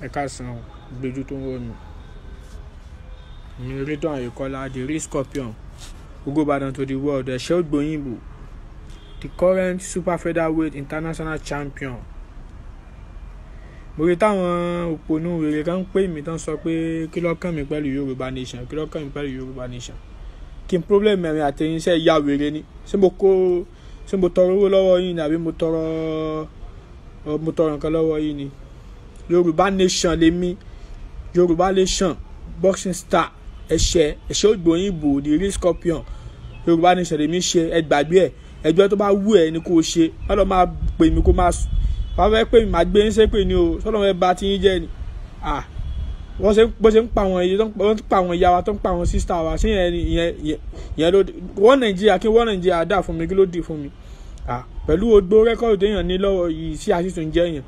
ẹ káàsán o gbẹjú tó ń wọ mi mi rédíò àyíkọ́lá the real scorpion Ògo Ìbàdàn to the world ẹ̀ṣẹ́ ògbóyìnbó the current super featherweight international champion mo rí táwọn òpònú rere kan ń pè mí tán sọ pé kí lọ́kàn mi pẹ̀lú Yorùbá nation kí lọ́kàn mi pẹ̀lú Yorùbá nation kí n problem ẹ̀rìn àtẹ̀yìnṣẹ́ ya wèrè ni ṣé mo kó ṣé mo tọrọ owó lọ́wọ́ yín ni àbí mo tọrọ mo tọrọ nǹkan lọ́wọ́ yín ni yorùbá nation lèmi yorùbá nation boxing star ẹ̀ṣẹ̀ ẹ̀ṣẹ̀ ògbóyìnbó the real scorpion yorùbá nation lèmi ṣe ẹgbàgbé ẹ̀ ẹjọ́ tó bá wù ẹ́ ni kò ṣe ọlọ́ máa pè mí kó máa sùn wọ́n fẹ́ pè mí máa gbé ń sépè ni o sọ́dọ̀ ẹ bá ti ń jẹ́ ni wọ́n ṣe bó ṣe ń pa àwọn iye tó ń pa àwọn ìyá wa tó ń pa àwọn sísá wa ṣé yẹn yẹn yẹn ló wọ́n nàìjíríà kí wọ́n nàìjíríà dà fún mi kí ló dì fún mi pẹ̀lú ogbó rẹ́kọ̀dù téèyàn ní lọ́wọ́ yìí sí àṣìṣùn jẹ́ yẹn